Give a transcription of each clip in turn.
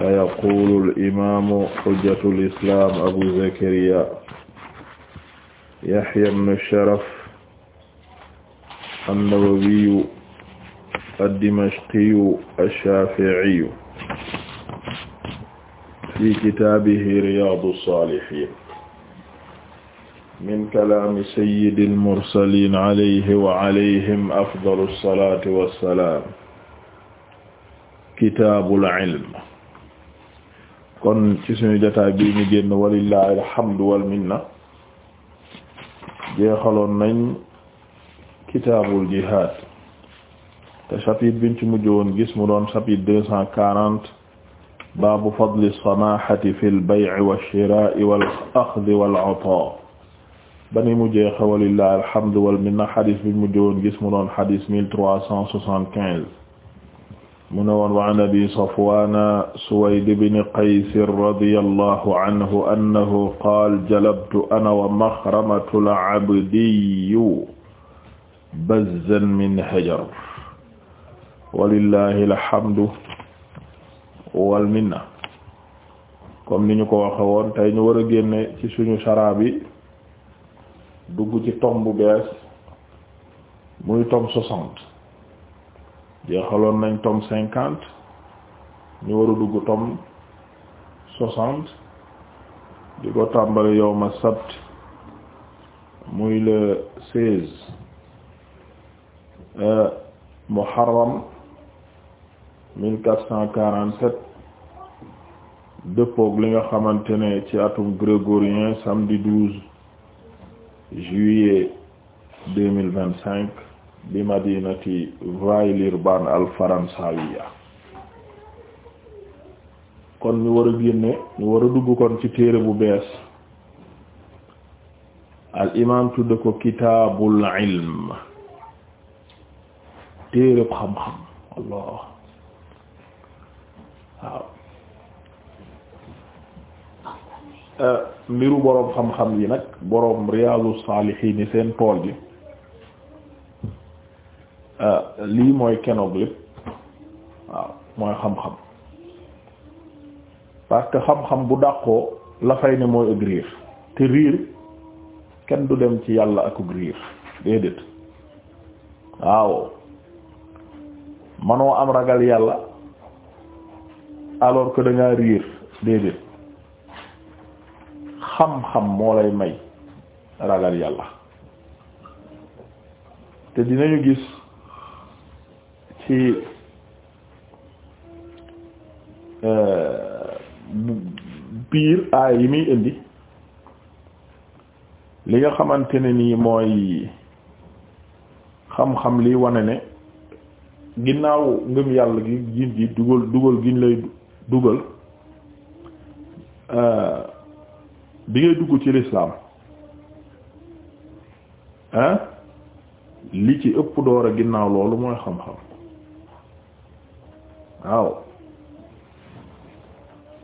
فيقول الإمام حجة الإسلام أبو زكريا يحيى بن الشرف النووي الدمشقي الشافعي في كتابه رياض الصالحين من كلام سيد المرسلين عليه وعليهم أفضل الصلاة والسلام كتاب العلم kon ci suñu jotaay bii ñu génn walillahi alhamdu wal minna jeexaloon nañ kitaabul jihaad te chapitre biñ ci mujj woon gis mu doon chapitre deux cent quarante baabu fadli samahati fil bay'i wa shiraa'i wal axdi wal ataa bani mu alhamdu wal mujj woon gis mu doon xadis mille trois mu ne woon wa an abi safwaana suwayd bni qaysin radiyallahu anhu annahu qaal jalabtu ana wa maxramatul abdiyu bazzan min hajar walillahi alhamdu wal minna comme ni ñu ko waxe woon tey ñu war a génne ci suñu saraa bi dugg ci tomb bees muy tomb soixante jeexaloon nañ tom cinquante ñu war a dugg tome soixante di ko tàmbali yawma sabt muy le seize euh, muharram mille quatre cent quarante-sept dëppook li nga xamante ne ci atum grégorien samedi douze juillet deux mille vingt-cinq bi madinati Villeurbanne al faransawiya kon ñu war a génne ñu war a dugg kon ci téere bu bees al imaam tudde ko kitaabul ilm téere bu xam-xam allah waaw eh, mbiru boroom xam-xam yi nag boroom riyaadu saalihiin yi seen tool yi Euh, lii mooy kenoog lépp waaw mooy xam-xam parce xam-xam bu dàqoo la fay ne mooy ak riir te riir kenn du dem ci yàlla ak riir déedéet waaw manoo am ragal yàlla alors que da riir déedéet xam-xam moo lay may ragal yàlla te dinañu gis ci euh, biir aay yi muy indi li nga xamante ne nii mooy xam-xam li wane ne ginnaaw ngëm yàlla gi gin gi dugal dugal giñ lay dugal euh, bi ngay dugg ci lislaam ah li ci ëpp door a ginnaaw loolu mooy xam-xam waaw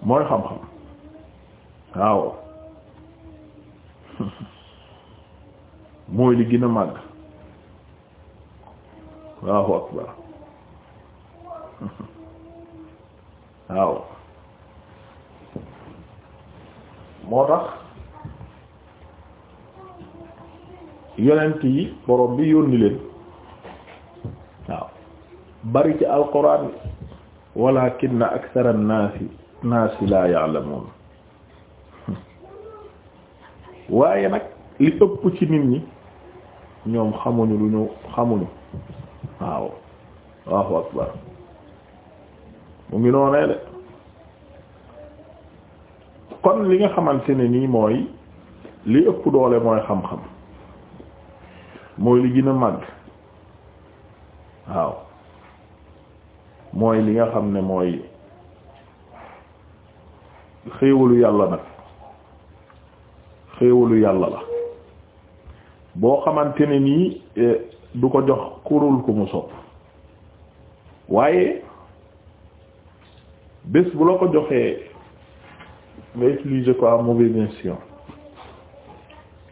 mooy xam-xam waaw mooy li gën a màgg Allahu akbar waaw moo tax yonent yi borom bi yónni leen waaw bari ci alxuraan walakinna akthara an-naasi naasi laa ya'lamuun waaye nag li ëpp ci nit ñi ñoom xamuñu lu ñu xamuñu waaw Allahu akbar mu ngi noonee de kon li nga xamante ne nii mooy li ëpp doole mooy xam-xam mooy li gën a màgg waaw mooy li nga xam ne mooy xéewalu yàlla nag xéewalu yàlla la boo xamante ne nii eh, du ko jox kurul ku mu sopp waaye bés bu la ko joxee nga utiliser ko à mauvaise mission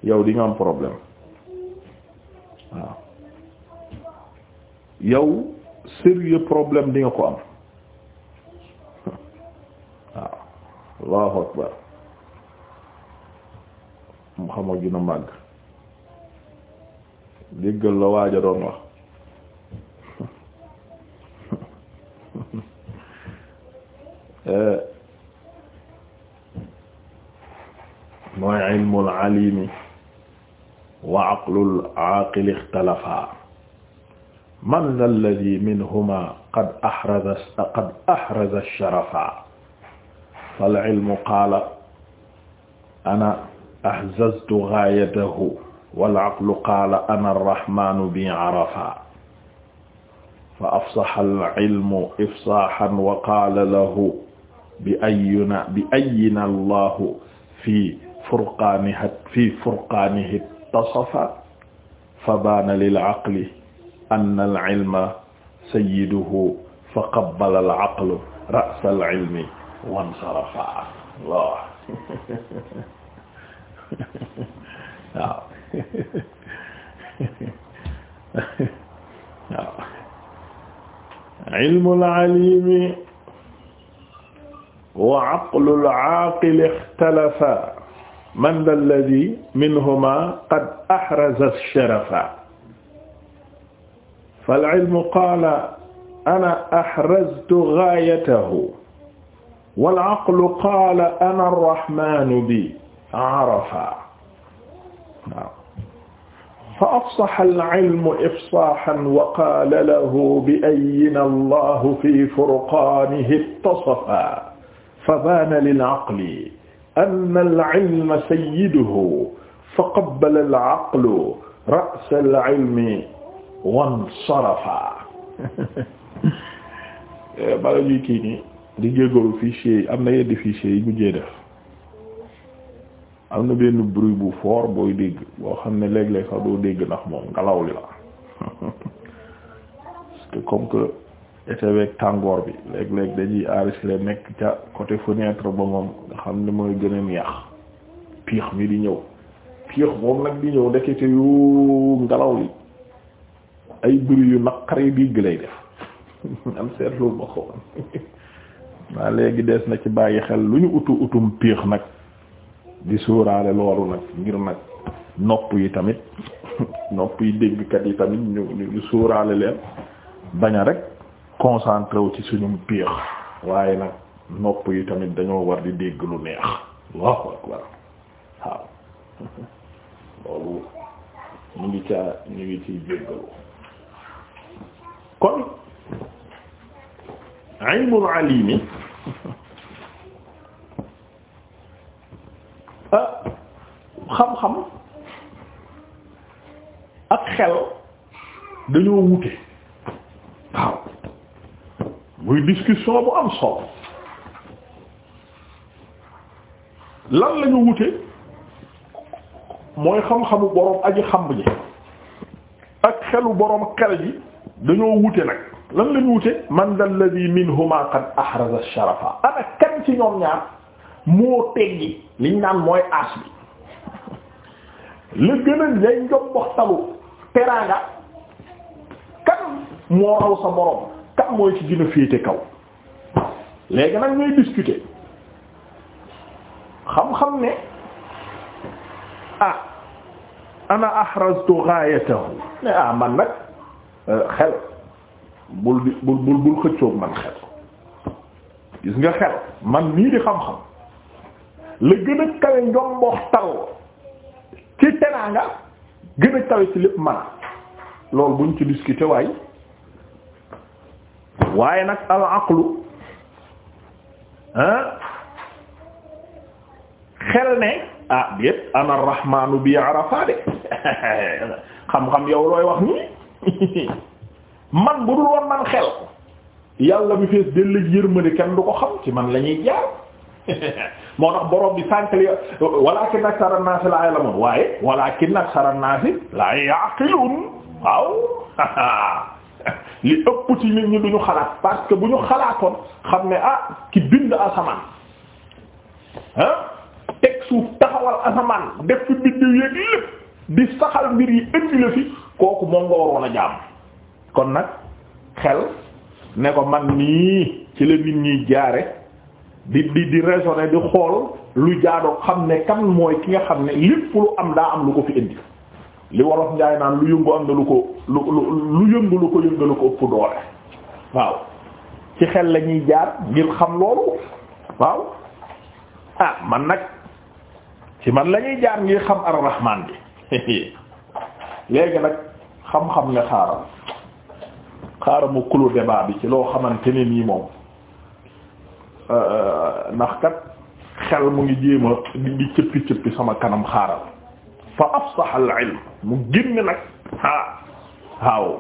yow di am problème waaw yow sérieux problème di ko am waaw akbar mu xamoo gën a màgg déggal la waaja doon wax eh. mooy ilmul alimi wa aqlul aqil ixtalafaa man alladhi minhuma qad ahraza qad ahraza sharafa fal ilmu qaala ana ahzaztu ghaayatahu wal aqlu qaala ana arrahmaanu bi arafa fa afsaha al ilmu ifsaahan wa qaala lahu bi ayyina bi ayyina allahu fi furqaanihi fi furqaanihi ittasafa fa baana lil aqli ann alilma sayiduhu fa qabala alaqlu rasa alilmi wansarafa waaw waaw waaw ilmu alalimi wa aqlu alaaqil ixtalafa man alladhi minhuma qad ahraza sharafa falilmu qaala ana axraztu gaayatahu walaqlu qaala ana arrahmanu bi arafa waaw fa afsaxa alilmu ifsaxan wa qaala lahu biayina allahu fi furqaanihi ittasafa fabaana lilaqli anna alilma sayyiduhu faqabbala alaqlu ra'sa alilmi wan sarafa eh, bala ñuy kii nii di jégalu fichier yi am na yeddi fichier yi mujjee def am na benn bruit bu fort booy dégg boo xam ne léeg-léeg sax doo dégg ndax moom ngelaw li la parce comme que été weeg tàngoor bi léeg-léeg dañuy enregistrer nekk ca côté fenêtre ba moom nga xam ne mooy gën a neex piix mi di ñëw piix moom nag di ñëw ndekete yu ngelaw li ay bruit yu naqaree dégg lay def am seetlu ma ko waa léegi des na ci bàyyi xel lu ñu utu utum piix nag di suuraale loolu nag ngir nag nopp yi tamit nopp yi déggkat yi tamit ñu ñu suuraale leen bañ rek concentré ci suñum piix waaye nag nopp yi tamit dañoo war di dégg lu neex Allahu akbar waaw loolu ñu ngi caa ñu ngi ciy jéggalu kon ilmul alimi ah, xam-xam ak xel dañoo wute waaw muy discussion bu am solo lan lañu wute mooy xam-xamu boroom aji xam ji ak xelu boroom xel ji dañoo wute nag lan lañ wute man dal ladhi minhuma qad ahraza sharafa ana kan ci ñoom ñaar moo teggi liñ naan mooy aas bi la gën a teraanga kan moo raw sa borom kan mooy ci gën a féete kaw léegi nag ñuy discuter xam-xam ne ah ana ahraztu ghayatahu ne ah man nag xel bul di bul bul bul xëccoog man xel gis nga xel man nii di xam-xam la gën kawe njombox tal ci teraanga gën a kawe ci lépp man loolu buñ ci discuter waaye waaye nag al aqlu ah xel ne ah déet ana rahmaanu bi arafa de xam-xam yow looy wax nii man bu dul woon man xel yàlla bi fees dellëg yërmande kenn du ko xam ci man lañuy ñuy jaar moo tax borom bi sànkali walakin aksara naasi la ya'lamun waaye walakin aksara naasi waaw li ëpp ci nit duñu xalaat parce que bu ñu xalaatoon xam ne ah ki bind asamaan ah teg suuf taxawal asamaan def fi biddiw yéeg lépp di saxal mbir yi indi fi kooku moom nga waroon a jàmm kon nag xel ne ko man nii ci la nit ñuy jaare di di di raisonner di xool lu jaadoo xam ne kan mooy ki nga xam ne lépp lu am daa am lu ko fi indi li wolof njaay naan lu yëngu am na lu ko lu lu yëngu lu ko yëngalu ko ëpp doole waaw ci xel la ñuy jaar ngir xam loolu waaw ah man nag ci man lañuy jaar ngir xam ar bi léegi nag xam-xam ne xaaral xaaral mu kulu débat bi ci loo xamante ne nii moom euh, euh, ndax kat xel mu ngi jéem a di cëppi cëppi sama kanam xaaral fa afsah al mu génn nag ah waaw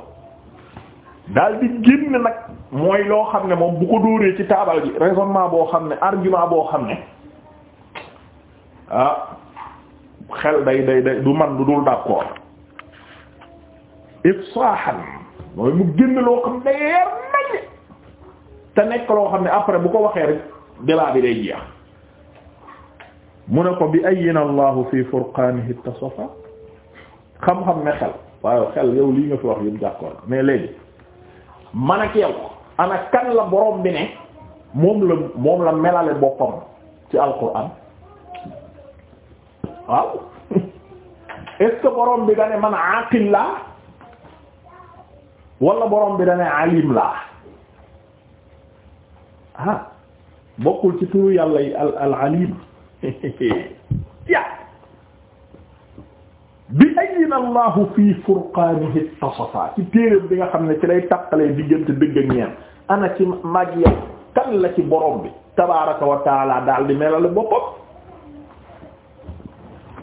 daal di génn nag mooy loo xam ne moom bu ko dóoree ci taabal ji raisonnement boo xam ne argument boo xam ne ah xel day day day du man du dul d'accord ifsaahan mooy mu génn loo xam ne yeer nañ te nekk loo xam ne après bu ko waxee rek débat bi day jeex mu ne ko bi ayina allahu fi furqaanihi tasafa xam-xam ne xel waaye xel yow lii nga fi wax yëpp d'accord mais léegi man ak yow ana kan la borom bi ne moom la moom boppam ci alquran waaw est ce que borom bi da man aqil laa wala borom bi dana alim laa ah bokkul ci turu yàlla yi al al alim ya bi ayina allahu fii furqaanihi tasafa ci téeréem bi nga xam ne ci lay tàqalee diggante dëgg ak ñeen ana ci mag ya kan la ci borom bi tabaraka wa daal di melal boppam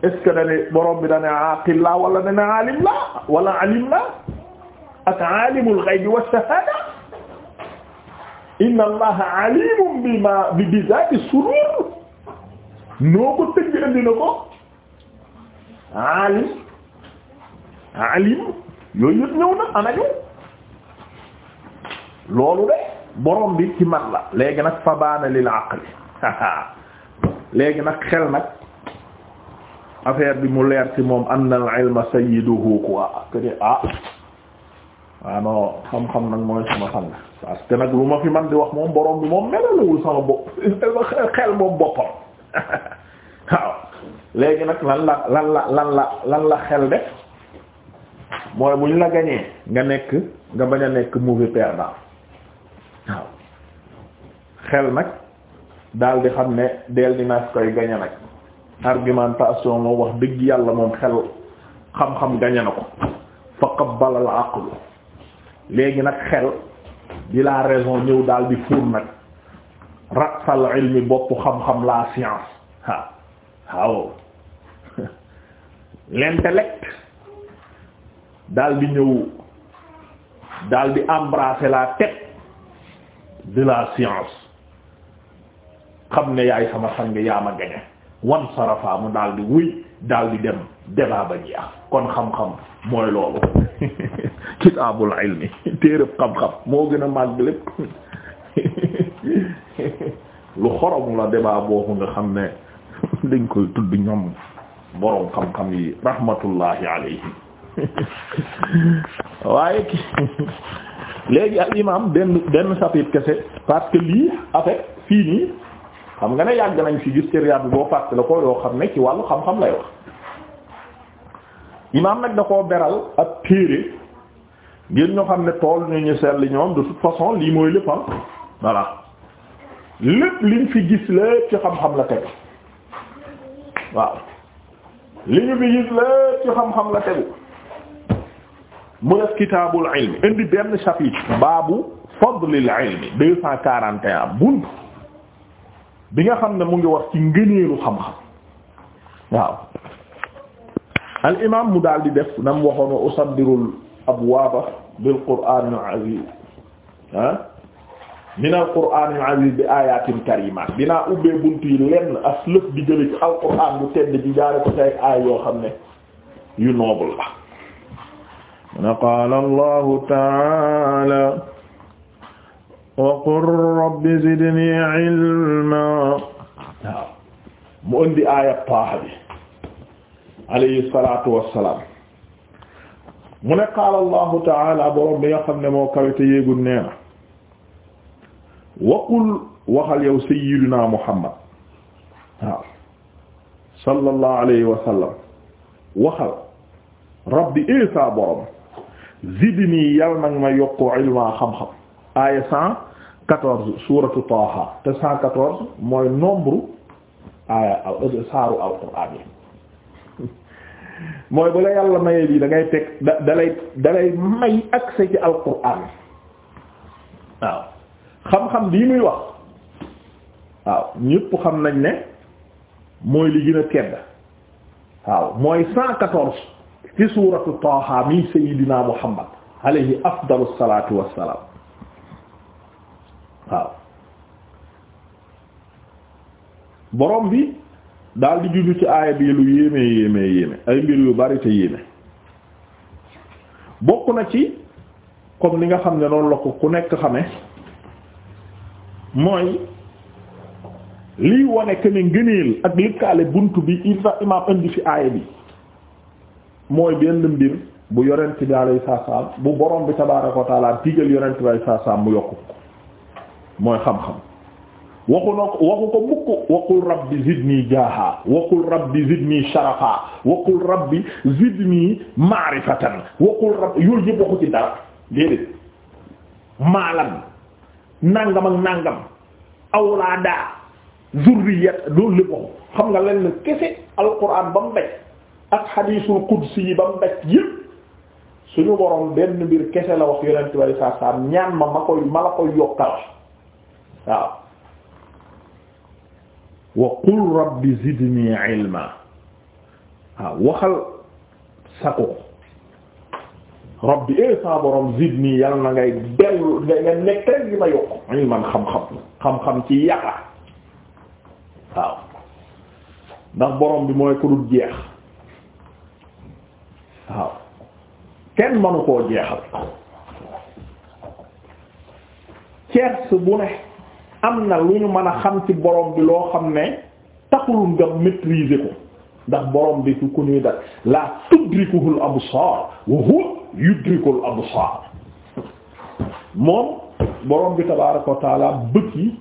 est ce que dane borom bi dane aqil laa wala dane alim laa wala alim ak alimul ghaybi wa shahada inna allaha alimun bima bi bizati surur noo ko tëgg indi na ko alim alim yooyu yëpp ñëw na anañu loolu de borom bi ci mat la léegi nag fabaana lil aqli léegi nag xel nag affaire bi mu leer moom al ilma sayyiduhu quoi que ah, waaw non xam-xam nag mooy sama fan parce que nag lu ma fi man di wax moom boroom bi moom melalawul sama bopp xel moom boppam waaw léegi nag lan la lan la lan la lan la xel def mooy bu ñu la gañee nga nekk nga bañ a nekk mauvais perdant waaw xel nag daal di xam ne del di naag koy gañe nag argumentation moo wax dëgg yàlla moom xel xam-xam gañe na ko faqabbala al aqlu léegi nag xel di la raison ñëw daal di fuur nag rasal ilmi boppu xam-xam la science waaw waaw l'intellect daal di ñëw daal di embrasser la tête de la science xam ne yaay sama sang yaa ma gañe wan sarafa mu daal di wuy daal di dem débat ba jeex kon xam-xam mooy loolu kitaabul ilmi téereb xam-xam moo gën a màgg lépp lu xoromu la débat boobu nga xam ne dañ koy tudd ñoom boroom xam-xam yi rahmatullahi alayhim waaye léegi al imam benn benn chapitre kese parce que lii avec fii nii xam nga ne yàgg nañ fi gis ci bi boo fàtte la ko yoo xam ne ci wàllu xam-xam lay wax imam nag da koo beral ak téere ngir ñoo xam ne tool ñu ñu seetlu ñoom de toute façon lii mooy lépp ah voilà lépp liñ fi gis lépp ci xam-xam la tegu waaw li ñu fi gis lépp ci xam-xam la tegu mu def kitaabul indi benn chapitre baabu fadlil ilmi deux cent quarante et un bunt bi nga xam ne mu ngi wax ci ngëneelu xam-xam waaw al imam mu daldi def na mu waxoon wa usaddirul bil qur'aanil aziim ah minal qur'aanil aziim bi aayaatin karimaat dinaa ubbee bunt yi lenn as lëf di jële ci alqur'aan bu tedd ji jaare ko tay aay yoo xam ne yu noble la na qaala allahu taala wa qul rabbi zidni ilma waaw mu indi aaya paax bi alayhi salaatu wassalaam mu ne qaala allahu taala borom bi nga xam ne moo kawite yéegul nee na waqul waxal yow sayyidina muhammad waaw sallallahu alayhi wa sallam waxal rabbi isa eh borom zidni yal nag ma yokku ilma xam-xam aaya cent quatorze suratu taaha te cent quatorze mooy nombre aaya saaru alquraan yi mooy bu yàlla mayee lii dangay tek teg da dalay dalay may accès ci alquran waaw xam-xam bii muy wax waaw ñépp xam nañ ne mooy li gën a tedd waaw mooy cent quatorze ci suuratu Taaha mi sayyidina Muhammad alayhi afdalu salaatu wassalaam waaw borom bi daal di juju ci aaya bi lu yéeme yéeme yéeme ay mbir yu bari te yéeme bokk na ci comme ni nga xam ne noonu la ku nekk xame mooy liy wone que ne ngëneel ak lëkkaale bunt bi ilfa indi fi aaya bi mooy benn mbir bu yonent bi alayhi salaam bu borom bi tabaaraka wa taala digal yonent bi mu yokku mooy xam-xam waxu na waxu ko mukk waqul rabbi zidni jaaha waqul rabbi zidni sharafa waqul rabbi zidni ma'rifatan waqul rabbi yooyu yëpp waxu ci dara déedéet maalan nàngam ak nàngam awlaada zurriyat loolu lépp waxu xam nga leen kese alquran ba mu daj ak xadiisul qudsi yi ba mu daj yëpp suñu borom benn mbir kese la wax yonent bi sallallahu alayhi ñaan ma ma koy ma la koy yokkal waaw wa qul rabbi zidni ilma waaw ah, waxal sako rabbi e sa borom zidni yàlla na ngay dellu nga nekk rek di ma yokk ilman xam-xam xam-xam ci yàlla waaw ndax borom bi mooy ku dul jeex waaw kenn manu koo jeexal ceers bu ne am na lu ñu mën a xam ci borom bi loo xam ne taxul nga maîtriser ko ndax borom bi ku ku ñuy dal la tudrikuhul absar wa huwa yudrikul absar moom borom bi tabaaraka wa taala bët yi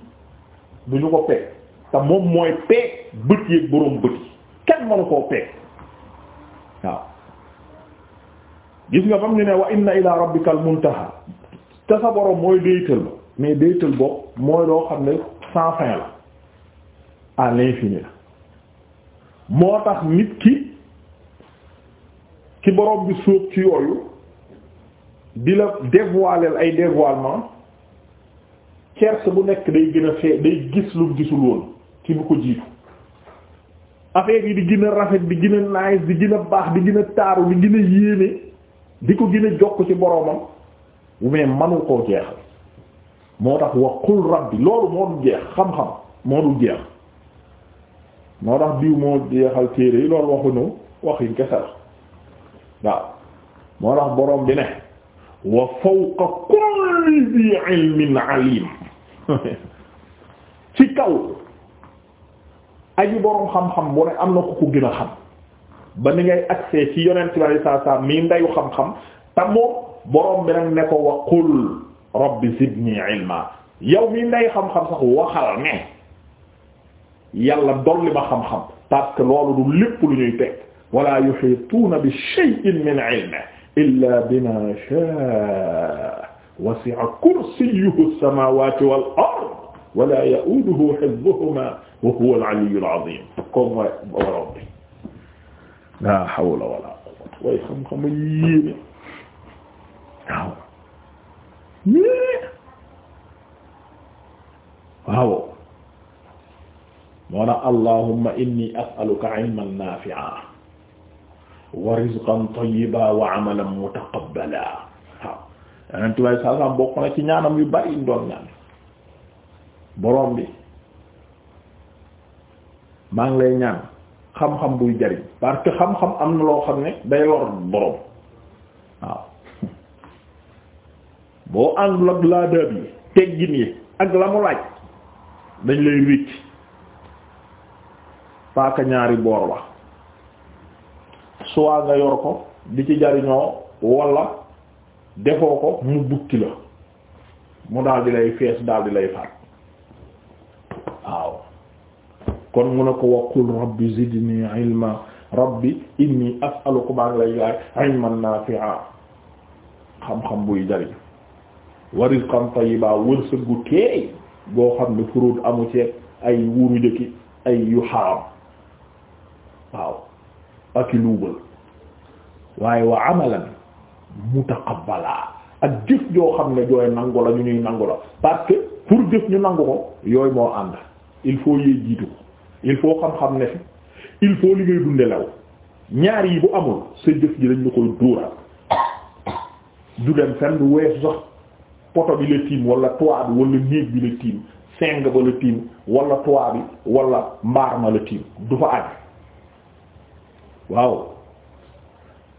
du ñu ko peeg te moom mooy peeg bët yi borom bët yi kenn mënu koo peeg waaw gis nga bam ñu ne wa inna ila rabbikal muntaha te sa borom mooy déytal ba mais déytal bopp mooy loo xam ne sans fin la à l'infini la moo tax nit ki ki borom bi sóob ci yooyu di la dévoiler ay dévoilement cerce bu nekk day gën a fee day gis lu gisul woon ci bu ko jiitu affaire yi di gën a rafet di gën a nice di gën a baax di gën a taaru di gën a yéeme di ko gën a jokk ci boromam mais manu koo jeexal moo tax wa qul rabbi loolu moo dul jeex xam-xam moo dul jeex moo tax diw moo jeexal téere yi loolu waxuñu wax yiñ kese la waaw moo tax boroom bi ne wa fawqa kulli dhi ilmin alim ci kaw aji boroom xam-xam am na ku ko ba ni ngay accès ci yonent bi sallallahu alayhi mii ndeyu xam-xam te moom boroom bi nag ne ko wa qul rabbi zidni ilma yow mi nday xam-xam sax waxal ne yàlla dolli ma xam-xam parce que loolu du lépp lu ñuy teg wala yuhituuna bi shay'in min ilmihi illa bima sha'a wasi'a kursiyyuhu as-samawati wal ard wala ya'uduhu hifdhuhuma wa huwa al-'aliyyu al-'azim comme mooy borom bi la hawla wala quwwata way xam-xam yéene waaw waaw moo na allahumma inni as'aluka ilman nafi'a wa rizqan wa amalan mutaqabbala waaw yeneen saa saa bokk na ci ñaanam yu bari ñu doon ñaan borom bi maa ngi lay ñaan xam-xam buy jariñ parce xam-xam am na loo xam ne day lor borom waaw. boo àndul ak laadaab yi teggin yi ak la mu laaj dañ lay wicc paaka ñaari boor la soit nga yor ko di ci jariñoo wala defoo ko mu bukki la mu daal di lay fees daal di lay faat waaw kon mu ne ko waqul rabbi zidni rabbi inni as'aluka maa ngi lay ilman nafi'a xam-xam buy jariñ wa rizqan tayyiba wërsëg gu teey boo xam ne furuut amu ci ay wuru jëkki ay yu xaram waaw ak i luubal waaye wa amalan mutaqabbala ak jëf joo xam ne jooy nangu la ñu ñuy nangu la parce que pour jëf ñu nangu ko yooyu moo ànd il faut yee jiitu ko il faut xam-xam ne fi il faut li ngay dunde ñaar yi bu amul sa jëf ji lañ la koy duural du dem fenn du weesu sax poto bi la tiim wala toit bi wala néeg bi la tiim seng ba la tiim wala toit bi wala mbaar ma la tiim du fa àgg waaw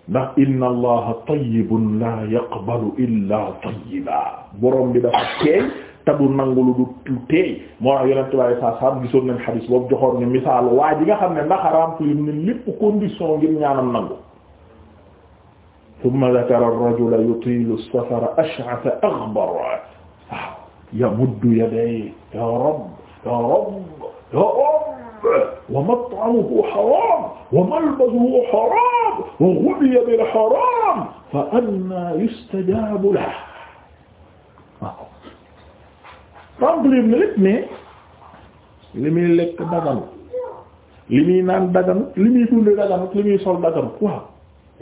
ndax inna allaha tayyibun la yaqbalu illa tayyiba borom bi dafa teey te nangu lu du teey moo tax yonent bi saa saam gisoon nañ xadiis boobu joxoon ñu misaal waa ji nga xam ne ndax remplir ne lépp condition ngir ñaanam nangu tumma dakara ar-rajula yutilu as-safara ash'atha aghbara waaw yamuddu yadayhi ya rabb ya rabb ya rabb wa mat'amuhu haram wa malbasuhu haram wa ghudhiya bil haram fa anna yustajabu lahu waaw remplir na lépp mais li muy lekk daganut li muy naan daganut li muy dund daganut li muy sol daganut waaw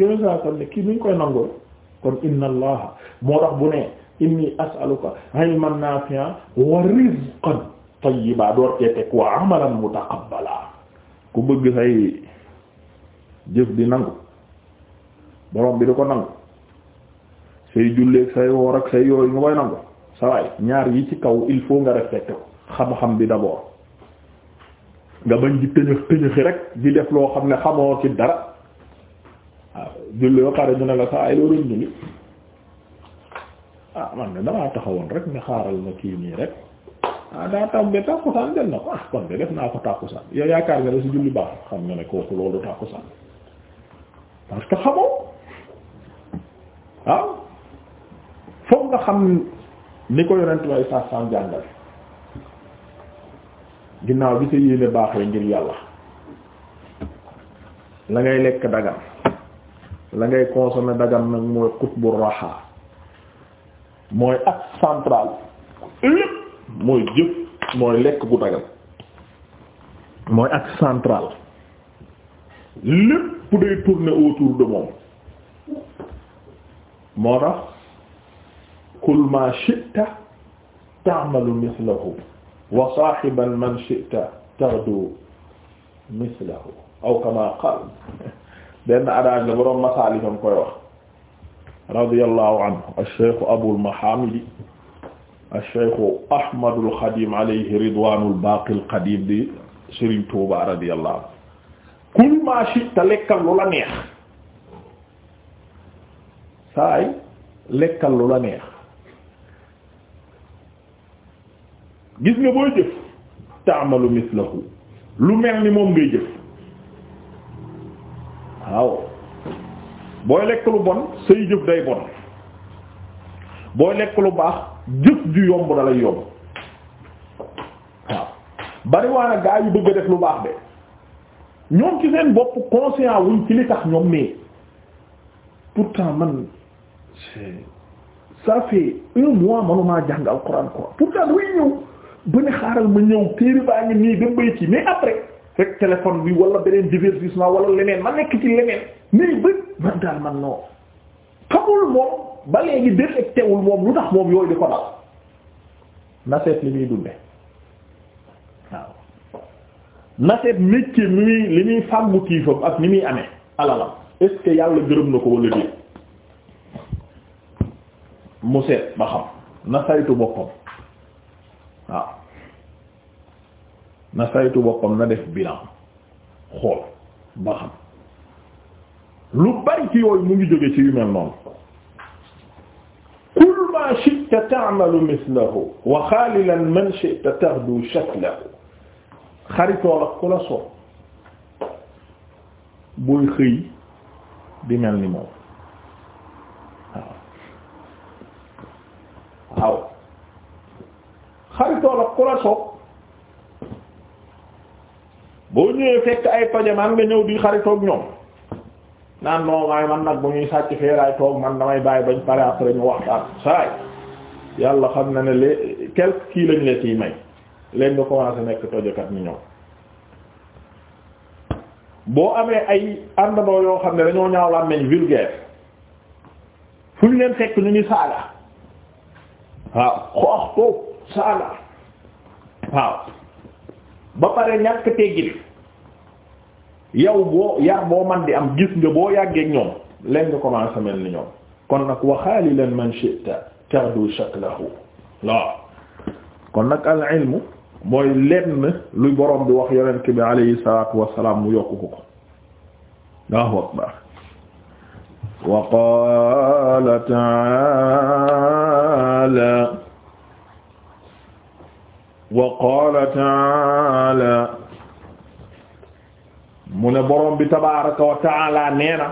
yooyu saa kon ne kii nuñ koy nangoo kon inna allaha moo tax bu ne inni as'aluka ilman nafi'an wa rizqan tayyiba door cee teg wa amalan ku bëgg say jëf di nangu borom bi di ko nangu sa waay ñaar yi ci kaw il faut nga respecté ko xam-xam bi d'abord nga bañ di tëñëx tëñëxi rek di def loo xam ne xamoo ci dara waaw ba pare ñu ne la sa ay loolu julli ah man de damaa taxawoon rek ne xaaral ma kii nii rek ah daa tam ba tàkkusaan jël na ko ah kon de def naa ko tàkkusaan yow yaakaar nga ne si julli baax xam nga ne kooku loolu tàkkusaan parce que xamoo waaw ah, foog nga xam ni ko yonent way sa san jàngale ginnaaw bi sa yéene baaxee ngir yàlla la ngay lekk dagan la ngay consommer dagan nag mooy qutbu raha mooy ak central lépp mooy lekk gu dagan mooy ak central lépp day tourner autour de moom moo kul ma shi'ta ta'malu mithlahu wa sahiban man shi'ta tardu mithlahu aw kama qala benn adage la boroom masaalikam koy wax radiyallahu anhu ash-shaykh abul mahamidi ash-shaykh ahmadul xadim alayhi ridwanul baqil qadim di Serigne Touba radiyallahu anhu kul ma shi'ta lekkal lu la neex saay lekkal lu la neex gis nga booy jëf ta'malu mislahu lu mel ni moom ngay jëf waaw booy lekk lu bon say jëf day bon booy lekk lu baax jëf ju yomb da lay yomb waaw bariwaana gaa yu bëgg a def lu baax de ñoom ci seen bopp conscient wuñ ci li tax ñoom mais pourtant man ça fait un mois manumaa jàng alxuraan quoi pourtant damay ñëw ba ne xaaral ma ñëw téere baa ngi nii dem bay ci mais après rek téléphone bi wala beneen divertissement wala leneen ma nekk ci leneen mais bët man daal man noo xamul moom ba léegi détecté wul moom lu tax moom yooyu di ko dal na seet li muy dunde waaw na seet métier li muy fàggu kiifam ak ni muy amee alalam est yàlla gërëm na ko wala déet mu seet ba xam na saytu waaw na saytu boppam na def bilan xool ba xam lu bari ci yooyu mu ngi jóge ci yu mel noonu kul ma shi'ta ta'malu mislahu wa xaalilan man shi'ta tahdu shaklahu xaritool ak ku la soob booy xëy di mel ni moom waaw waaw xaritool ak ku la soob boo ñëwee fekk ay tojamaan nga ñëw di xaritoog ñoom naan non waaye man nag bu ñuy sàcc feeraay toog man damay bàyyi bañ pare après ñu waxtaan saay yàlla xam na ne le quelque kii lañ la ciy may léegi nga commencé nekk tojakat ni ñëw boo amee ay àndandoo yoo xam ne dañoo ñaaw la meñ vulgaire fu ñu leen fekk ñu ngi saaga waaw xoox toog saaga waaw ba pare ñàkk teggin yow boo yar man di am gis nga boo yàggee ñoom leen nga commencé ni ñoom kon nag waxaali leen man shi'ta tardu shaklahu waaw kon al ilmu mooy lenn luy borom bi wax yonent bi alayhi salaatu wassalaam mu yokku ko ko Allahu akbar wa qaala wa qaala taala mu ne borom bi tabaaraka wa taala nee na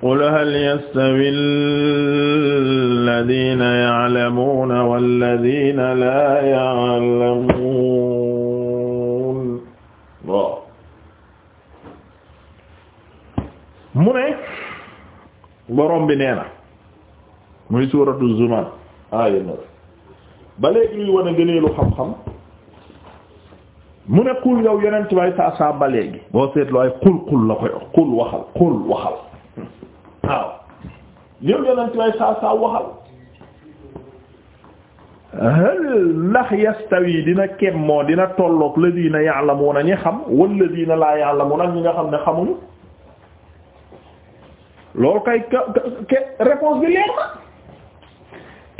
qul hal yastawi alladina ya'lamuuna walladina laa ya'lamuun waaw mu ne borom bi nee na muy suuratu Zumar aaya ba léegi luy wane gëneelu xam-xam mu ne xul yow yonent bay saa saa ba léegi boo seetlu ay xul xul la ko yow xul waxal xul waxal waaw yow yonent bay saa dina kemmoo dina tolloog ladina ya'lamuna ñi xam wala ladina laa na ñi nga xam ne xamuñu loolu kay ka ka réponse bi leer na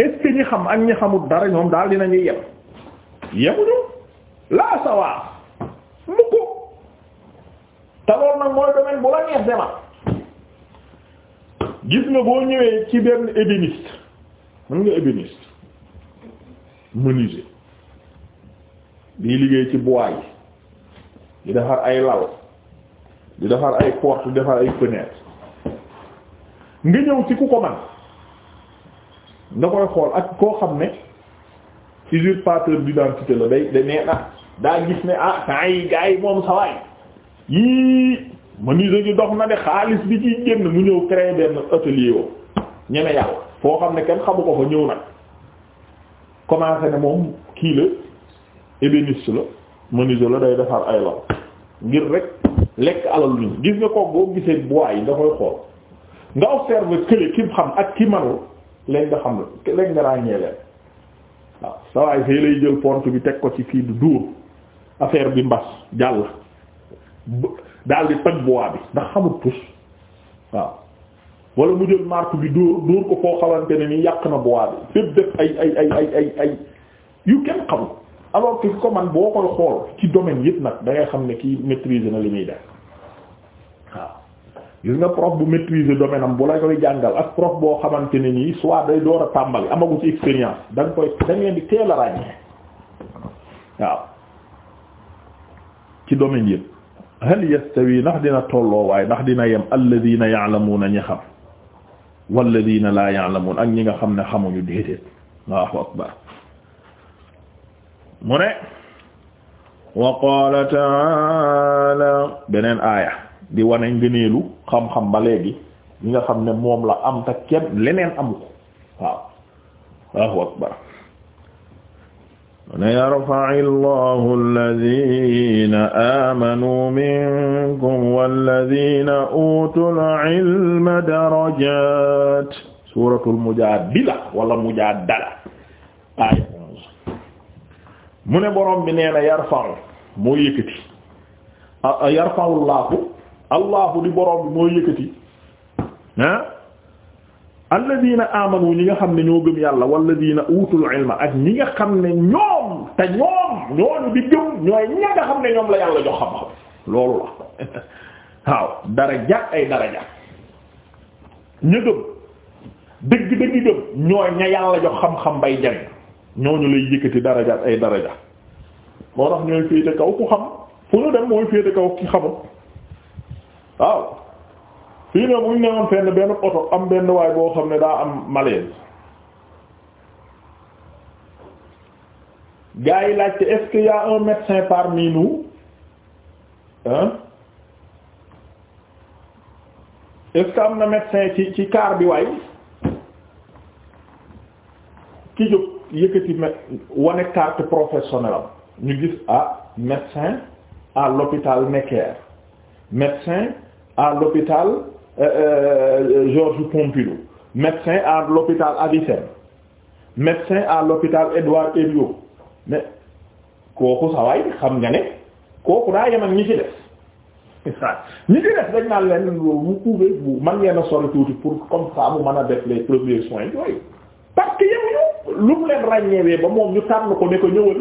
est ñi xam ak ñi xamul dara ñoom daal dinañuy yem yemuñu laa sawaa mukk te nag mooy domaine bu la neex demal gis nga boo ñëwee ci benn ébéniste mën nga ébéniste menuisier bii liggéey ci bois yi defar ay lal di defar ay porte di defar ay fenêtre nga ñëw ci ku ko man nga koy xool ak koo xam ne usurpateur d'identité la day da nee a daa gis ne ah temps yi gars yi moom sawaay yii menuisier gi dox na de xaalis bi ciy génn mu ñëw créer benn atelier woo ñeme yàlla foo xam ne kenn xamu ko ko ñëw nag commencé ne moom kii la ébéniste la menuisier la day defar ay ngir rek lekk alal luñ gis nga ko boo gisee bois yi nga koy xool nga observe kële ki xam ak ki manul léegi nga xam la léegi nga ràññee leen waaw sa fee lay jël pont bi teg ko ci fii du dóor affaire bi mbas jàll daal di toj bois bi ndax xamut tus waaw wala mu jël marque bi dóor dóor ko foo xamante ne ni yàq na bois bi fépp def ay ay ay ay ay ay yu kenn xamul alors que ko man boo koy xool ci domaine yëpp nag da ngay xam ne kii maîtriser na li muy def gis nga prof bu maîtriser domaine am bu la koy jàngal ak prof boo xamante ne nii soit day door a tàmbali amagu ci expérience da nga koy da ngeen di teel ràññee waaw ci domaine yëpp hal yastawi ndax dina tolloo waaye ndax dina yem alladina ya'lamuna ñi xam walladina la ya'lamun ak ñi nga xam ne xamuñu déedéet Allahu akbar mu ne wa qaala ta'ala beneen aaya di wane ngëneelu xam-xam ba léegi li nga xam ne moom la am te kenn leneen amu ko waaw Allahu akbar ne yarfa'i Allahu alladhina amanu minkum walladhina utul ilma darajat suratul mujadila wala mujadala aya mu ne borom bi nee na yarfa'u moo yëkkati yarfa'u Allahu allahu di borom bi mooy yëkkati ah alladina amanu ñi nga xam ne ñoo gëm yàlla walladina utul ilma ak ñi nga xam ne ñoom xam ne ñoom la yàlla jox xam-xam loolu la waaw daraja ay daraja ña gëm dëgg dëgg gëm ñooy ña yàlla jox xam-xam bay jàng ñooñu lay yëkkati daraja ay daraja moo tax ñooy féete kaw ku xam fu ñu dem mooy féete kaw ki xamul waaw fii ne muñ newoon fenn benn oto am benn waay boo xam ne daa am malaise gars yi laajte est-ce qu'il y a un médecin parmi nous hein est-ce am na médecin ci ci car bi waay ki jóg yëkkati me wane carte professionnelle am gis ah médecin à l'hôpital Necker médecin à l'hôpital euh, euh, Georges Pompidou médecin à l'hôpital Avicenne médecin à l'hôpital Édouard Herriot mais kooku sawaay xam nga ne kooku daa yem ak ñi ci des ñi ci des dañ naan leen vous pouvez vous man ngeen a sori tuuti pour comme ça mu mën a def les premiers soins yooyu parce que yow lu mu leen ràññeewee ba moom ñu tànn ko ne ko ñëwal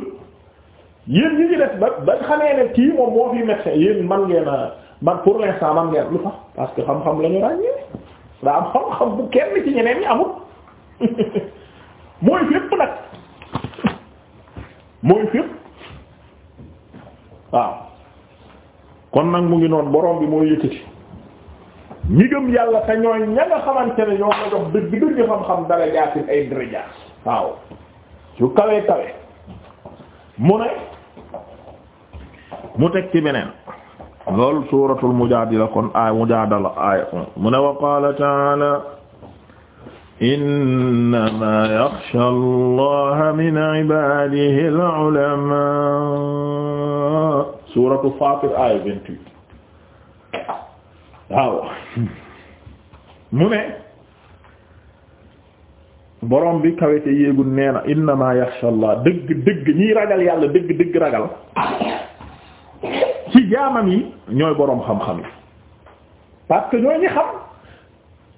yéen ñi ci des ba ba xamee ne kii moom moo fi médecin yéen man ngeen a man pour l'instant man ngeen lu tax parce que xam-xam la ñu ràññee daa am xam-xam bu kenn ci ñeneen ñi amul mooy fépp nag mooy fépp waaw kon nag mu ngi noon borom bi mooy yëkkati ñi gëm yàlla te ñooy ña nga xamante ne ñoo ko jox dëgg dëgg xam-xam dara jaasin ay daraja waaw su kawee kawee mu ne mu teg ci beneen lool suuratul mujaadila kon aay mujaadala aay mu ne wa qaala ta'aala innamaa yaxsha allaha min ibaadihil ulamaa suuratu Faatir aay 28 waaw mu ne borom bi kawete yéegul nee na innamaa yaxsha allah dëgg dëgg ñi ragal yàlla dëgg dëgg ragal ci jaamam yi ñooy boroom xam-xam yi parce que ñooy ñi xam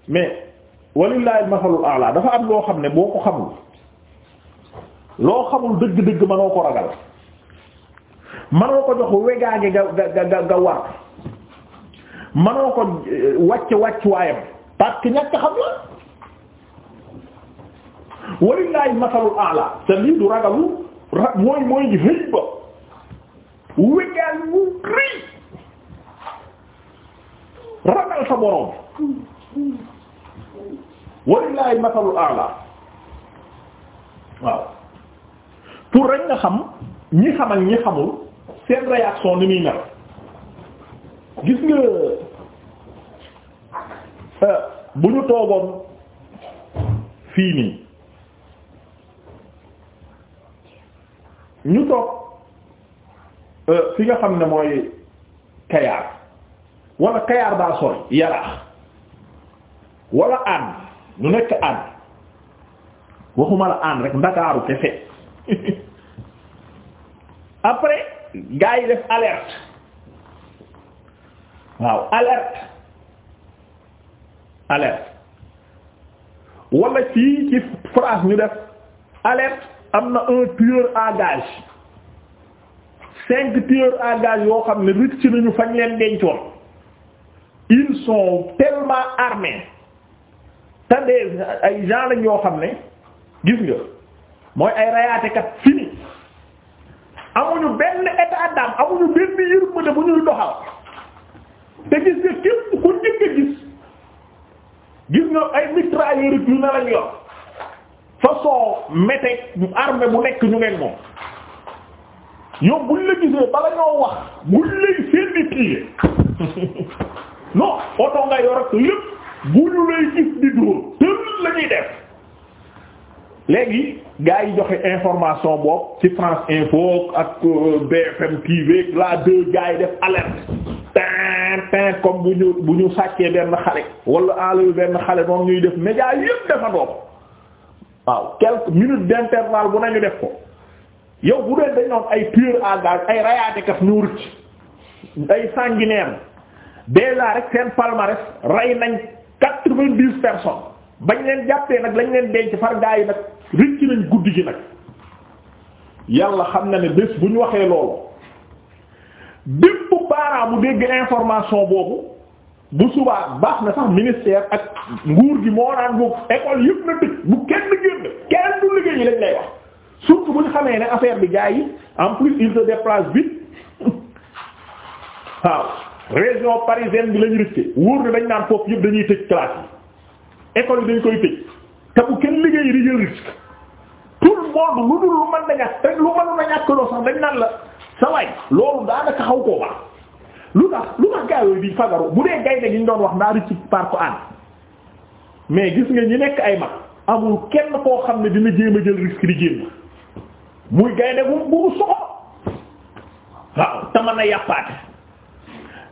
mais walillahi masalul a'la dafa am loo xam ne boo ko xamul loo xamul dëgg-dëgg mënoo ko ragal mënoo ko jox wegaage ga ga ga ga war mënoo ko wàcc eh, wàcc waayam parce que xam la walillahi masalul a'la te lii du ragalu ra mooy mooy hëy ba wégaal wu rëy ragal sa borom walillahi masalul a'la waaw pour rek nga xam ñi xam ak ñi xamul seen réaction ni muy mel gis nga euh, bu ñu toogoon fii nii ñu toog Euh, fi nga xam ne mooy Kayaar wala Kayaar daa sori yaraax wala ànd ñu nekk ànd waxuma la ànd rek ndakaaru kese après gars yi def alerte fii ci France ñu def alerte am na un tueur à cinq tueurs à yoo xam ne rëcc nañu fañ leen dencoon ils sont tellement armés te des ay gens lañ yoo xam ne gis nga mooy ay rayaatekat fini amuñu benn état amuñu benn yërmande bu ñuy doxal te gis nga képp ku njëkk a gis gis nga ay mitrailleurs yu ne lañ yor façon méteg armée bu nekk ñu ngeen moom yow buñ la gisee bala ñoo wax buñ lay seen di tiire non oto nga yor ak lépp bu ñu lay gis di dóor tëll la def léegi gars yi joxe information boobu ci France Info ak euh, BFM TV la deux gars yi def alerte tin tin comme bu ñu bu ñu sàccee benn xale wala enlever benn xale noonu ñuy def média yépp dafa doom waaw quelques minutes d'intervalle bu nañu def ko yow bu dee dañoo ay tueur à gage ay rayaatekat ñu rëcc ay sanguinaire déjà rek seen palmarès rey nañ quatre-vingt-dix personnes bañ leen jàppee nag lañ leen denc far gaa yi nag rëcc nañ guddi gi nag yàlla xam na ne bés bu ñu waxee loolu bépp baaraam bu dégg information boobu bu subaa baax na sax ministère ak nguur gi moo naan boobu école yëpp na tëj bu kenn génn kenn du liggéey yi lañ lay wax surtout bu ñu xamee ne affaire bi gars yi en plus il se déplace vite waaw région parisienne bi la ñu wóor na dañ naan foofu yëpp dañuy tëj classe yi école yi dañ koy tëj te bu kenn liggéey di jël risque tout le monde lu dul lu mën na ñàkk rek lu mënul a ñàkk loo sax dañ naan la sa waay loolu daanaka xaw koo baax lu tax lu tax gars yooyu fagaru bu dee gaynde gi ñu doon wax naa ci parc an mais gis nga ñi nekk ay mag amul kenn koo xam ne dina jéem a jël risque di muy gaynde bu bu soxo waaw te mën na yàppaate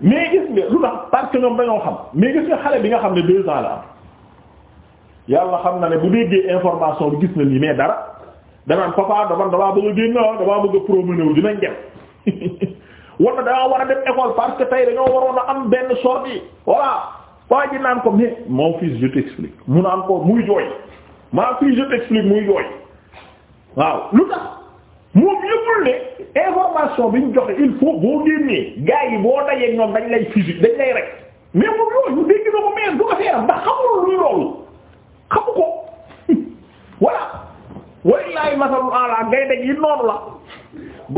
mais gis nga lu tax parce que ñoom dañoo xam mais gis nga xale bi nga xam ne deux ans la am yàlla xam na ne bu déggee information bi gis na nii mais dara danaan papa daman damaa bëgg a génn ah, damaa bëgg a dinañ dem wala damaa war a dem école parce que tey dañoo waroon a am benn sortie voilà naan ko mais ko muy jooy mon fils je t'explique muy jooy waaw lu tax moom yëgul ne information bi ñu joxe il faut boo génnee gars yi boo dajee ñoom dañ lay physique dañ lay rek mais moom na ko mais du ko seeram ndax loolu xamu ko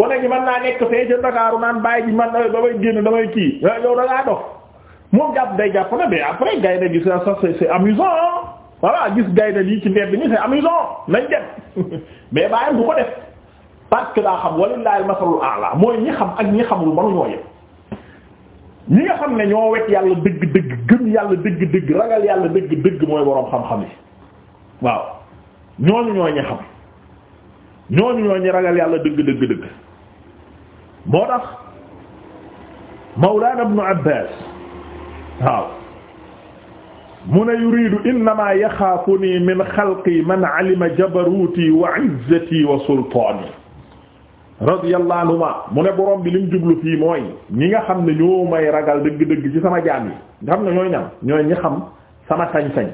mën naa nekk fee ca Dakar naan man damay da ngaa dof moom jàpp day jàpp na mais après gaynde gi ça c'est c'est amusant voilà ci mbedd mi c'est amusant nañ du ko def parce que daa xam walillahi al-masalul a'la mooy ñi xam ak ñi xamul mënuñoo yem ñi nga xam ne ñoo wet yàlla dëgg-dëgg gëm yàlla dëgg-dëgg ragal yàlla dëgg-dëgg mooy boroom xam-xam yi waaw ñooñu ñoo ñi xam ñooñu ñoo ñi ragal yàlla dëgg-dëgg-dëgg moo tax mawlana ibn abbas waaw mu ne yuridu innama yaxaafuni min xalqi man alima jabaruti wa izzati wa sultaani radiyallahu anhuma mu ne borom bi lim jublu fii mooy ñi nga xam ne ñoo may ragal dëgg-dëgg ci sama jaam yi nga xam ne ñooy ñam ñooy ñi xam sama sañ-sañ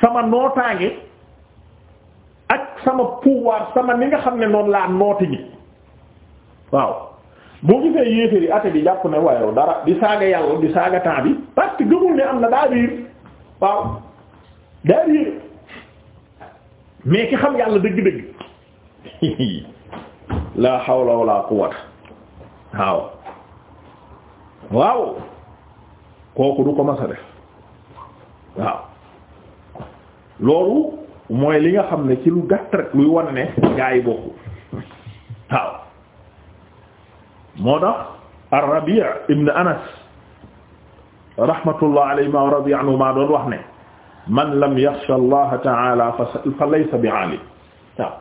sama ngi ak sama pouvoir sama ni nga xam ne noonu laa nooti ñi waaw boo gisee yéeféer yi ate bi jàpp ne waaye dara di saaga yàlla di saaga temps bi parce que ne am na daa riir waaw daa riir mais ki xam yàlla dëgg-dëgg la hawla wala quwwata waaw waaw kooku du ko masa def loolu mooy li nga xam ne ci lu gàtt rek luy wan ne yi bokku waaw moo tax ar ibn Anas rahmatullah ma radi anhu ma doon wax ne man lam yaxsha Allah ta'ala fa laysa bi alim waaw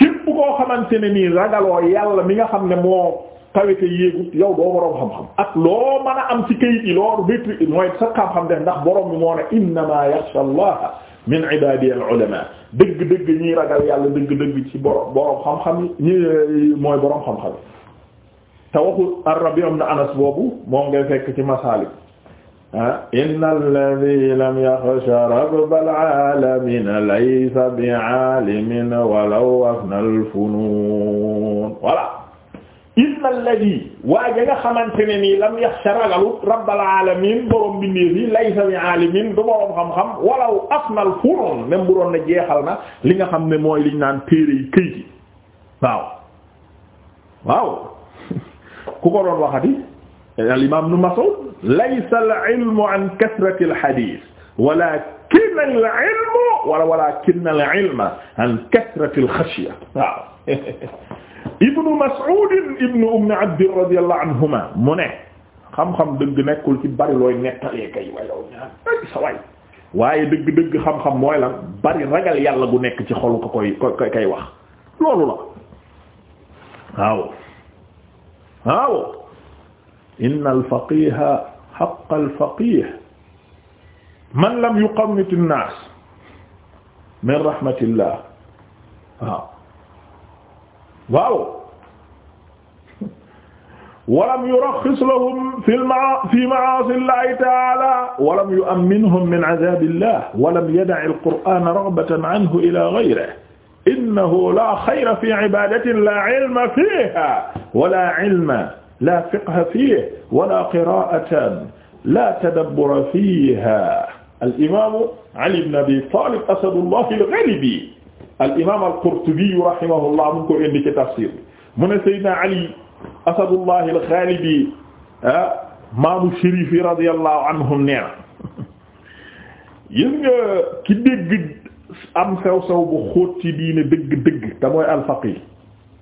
képp koo xamante ne nii ragaloo yàlla mi nga xam ne moo kawete yéegut yow doo boroom xam-xam ak loo man a am ci kayit yi loolu bétri mooy sa xam-xam ndax borom bi moo ne innama yaxsha allaha min ibadihi al ulama dëgg-dëgg ñiy ragal yàlla dëgg-dëgg ci borom boroom xam-xam ñi mooy boroom xam-xam te waxu ar-Rabi' ibn Anas boobu moom ngay fekk ci masaalik inna alladhi lam yakhsha rabbal alamina laysa bi'alimin walaw afna al-funun voilà inna alladhi waaye nga rabbal alamin borom bindéef yi laysa bi'alimin du borom xam-xam walaw afna al-funun même bu ne jeexal na li nga xam ne mooy liñ naan téere yi këy ji ku ko waxati al imam ibn Mas'ud laysa al ilmu an kasrati al hadith walakin al ilmu wala walakin al ilma an kasrati al khashya waaw ibnu Mas'ud ibnu Umm Abd radiyallahu anhuma mu ne xam-xam dëgg nekkul ci bari looy nettalee kay wayow ñaan ay sa waay waaye dëgg-dëgg xam-xam mooy lan bari ragal yàlla gu nekk ci xolu ko koy koy kay wax loolu la waaw waaw inna alfaqiha xaqa alfaqih man lam yuqannit an-nas min rahmatillah waaw waaw walam yuraxxis lahum fi ma fi ma'aasi llahi ta'aala walam yu'amminhum min azaabillah walam yada'i al-qur'aana raghbatan anhu ilaa ghayrihi innahu laa xayra fii ibaadatin laa ilma fiihaa wa laa ilma laa fiqha fiihi wala qiraa'atan laa tadabbura fiihaa al'imaamu Ali ibn Abi Taalib asadullahi al-ghalibi al'imaam al-Qurtubi rahimahullah mu ngi ko indi ci tafsir mu ne Seydina Ali asadullahi al-ghalibi ah maamu shérif yi radiyallahu anhum nee na yéen nga ki dégg am sew sew bu xóot ci diine dëgg-dëgg te mooy al-faqih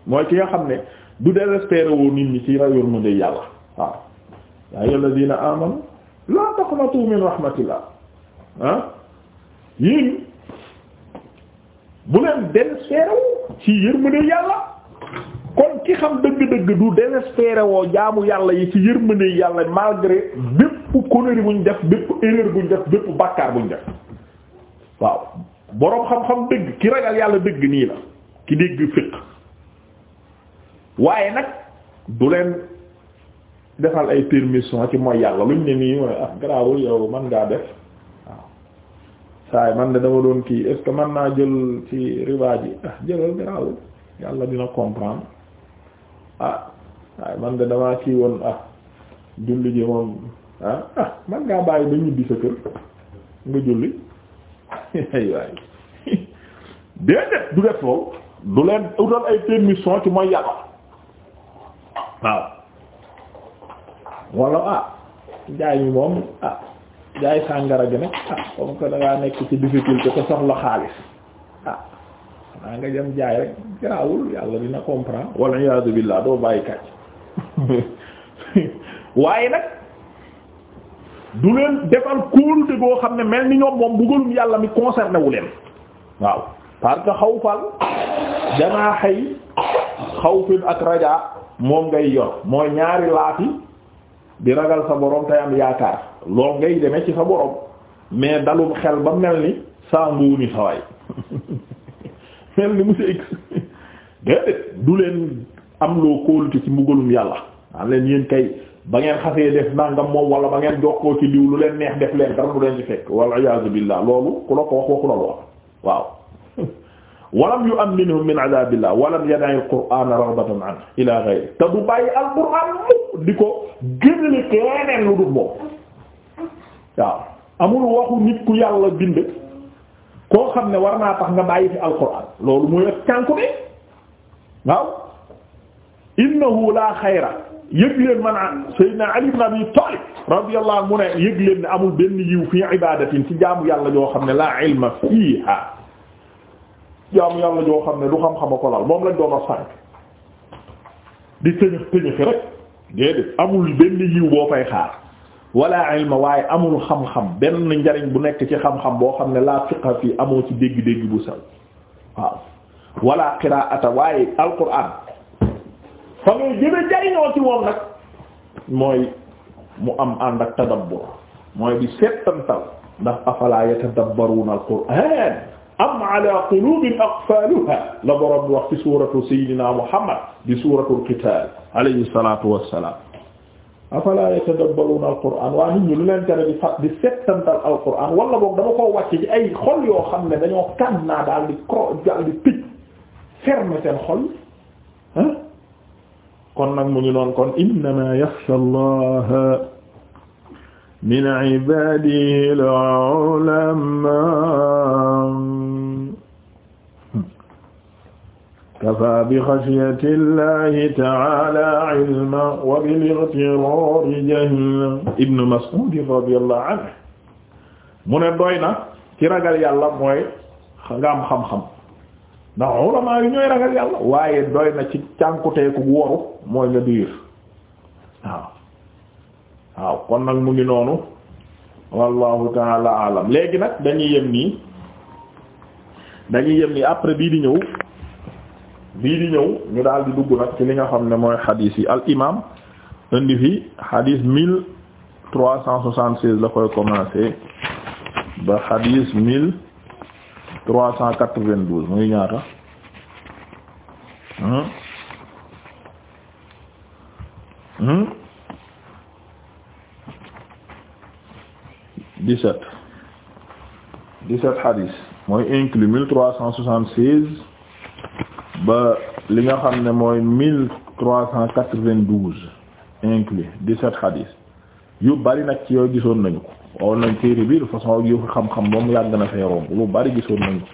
mooy ki nga xam ne. du désespéré nit ñi ci rayoon mu de yàlla waaw yaa ayyuha alladhina amanu la taqnatu min rahmatillah ah bu leen désespéré woo ci yërmande yàlla kon ki xam dëgg-dëgg du désespéré woo jaamu yàlla yi ci yërmande yàlla malgré bépp connerie buñ def bépp erreur buñ def bépp bàkkaar buñ def waaw boroom xam-xam dëgg ki ragal yàlla dëgg nii la ki dégg fiqh waaye nag du leen defal ay permission ci mooy yàlla luñ ne nii mooy ah garaawul yow man ngaa def waaw saa man de dama doon kii est man naa jël ci riba ji ah, jëlal garaawul yàlla dina comprendre ah man de damaa kii woon ah julli ji moom ah, ah man ngaa bàyyi ba ñibbi sa kër nga julli ay waay déedéet du def loolu du leen utal ay permission ci mooy yàlla waaw wala ah jaay mi moom ah jaay sàngara gi nag ah comme que dangaa nekk ci difficulté te soxla xaalis ah naa nga jëm jaay rek garaawul yàlla dina comprendre wala iyaadu billaah doo bàyyi kàcc waaye nag du leen defal kóolute goo xam ne mel ni ñoom moom bëggalum yàlla mi concerné wu leen waaw parce que xawfal janaaxay xawfin ak rajaa moom ngay yor mooy ñaari laati di ragal sa borom tey am yaakaar lool ngay demee ci sa borom mais dalum xel ba mel ni saa nguuni sa waay mel ni monsieur X déedéet du leen am loo kóolute ci mbugalum yàlla am leen yéen kay ba ngeen xasee def nangam moom wala ba ngeen jokkoo ci liw lu leen neex def leen dara du leen ci fekk wal iyaazu billaah loolu ku la ko wax waxu la wax waaw walam yu'minhum min adaabillah walam yad'i al-qur'ana raghbatan an ila ghayri te du bàyyi al-qur'an mukk di ko gënale keneen lu dul moom waaw amul waxu nit ku yàlla bind koo xam ne war naa tax nga bàyyi fi al-qur'an loolu mooy ak cànku bi waaw innahu la xayra yëg leen man Seydina Ali ibn Abi Talib radiyallahu anhu mu ne yëg leen ne amul benn yiw fi ibadatin ci jaamu yàlla yoo xam ne la ilma fiha jaamu yàlla joo xam ne du xam-xama ko lal moom lañ doon a sànq di tëñëx tëñëxi rek déedéet amul benn yiw boo fay xaar wala ilma waaye amul xam-xam benn njariñ bu nekk ci xam-xam boo xam ne laa fiqa fii amoo ci dégg-dégg bu sew waaw wala qiraata waaye alquran fa ngay gën a ci woon nag mooy mu am ànd ak tadabbur mooy di seetantal ndax afala yatadabbaruna alquran am ala qulubin aqfaluha la borom bi wax ci suuratu sayyidina Muhammad di suuratul qitaal alayhi salaatu wassalaam afala yatadabbaruuna alquraan waa nit ñi lu leen tere di fat di settantal alquraan wala boog dama koo wàcce ci ay xol yoo xam ne dañoo kan naa daal di cro daal di tëj fermer seen xol ah kon nag mu ngi noonu kon innama yaxsha allaha min ibaadihi al-ulamaa kafaa bi xasiyati llahi taala ilma wa bil ightirari jahla ibnu Mas'ud radiyallahu anhu mu ne doy na ci ragal yàlla mooy nga am xam-xam ndax ulama yi ñooy ragal yàlla waaye doy na ci cànkuteeku woru mooy nga diir waaw waaw kon nag mu ngi noonu wallahu taala alam léegi nag dañuy yem nii dañuy yem nii après bii di ñëw bii di ñëw ñu daal di dugg na ci li nga xam ne mooy xadiis yi al imam indi fi xadiis mille trois cent soixante seize la koy commencer ba xadiis mille trois cent quatre vingt douze ñaata hmm? Hmm? dix-sept dix-sept xadiis mooy inclus mille trois cent soixante seize ba li nga xam ne mooy mille trois cent quatre-vingt-douze yu bari nag ci yooyu gisoon nañu ko woon nañ téere bi de façon yu xam-xam moom yàgg na fee romb lu bari gisoon nañu ko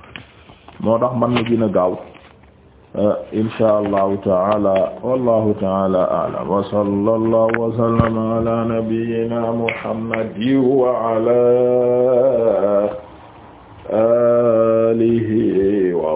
moo tax man na gën a gaaw eh, insha allahu taala wallahu taala a'lam wa sallallahu wa sallama ala nabiyyina wa ala alihi